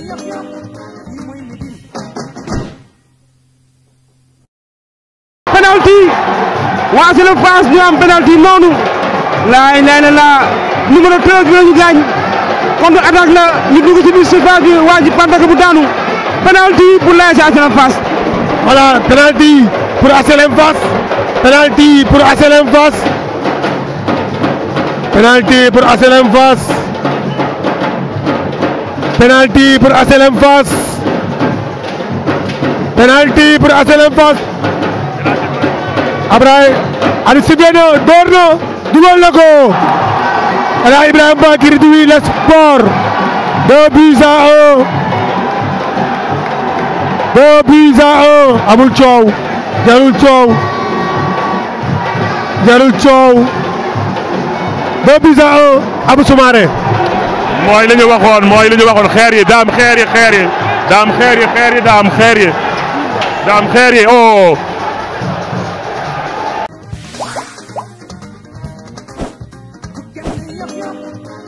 yëpp yëpp lii mooy Médine. penalty waa Sëlëm Fass ñu am penalty noonu laay lay la laa numéro 13 bi la ñu gaañ kon attaque la ñu dugg ci biir surface bi waa ji pantaka bu daanu penalty pour laay si Sëlëm Fass. voilà penalty pour HLM Fass penalty pour HLM Fass penalty pour HLM Fass penalty pour HLM Fass penalty pour HLM Fass Ablaye Aliou Sibé na door na dugal na ko El Hadj Ibrahima Ba qui réduit le score deux buts à un deux buts à un amul coow jarul coow jarul coow deux buts à un Abou Soumaré mooy li ñu waxoon mooy li ñu waxoon xeer yi daam xeer yi xeer yi daam xeer yi xeer yi daam xeer yi daam xeer yi oh. Yep, yep.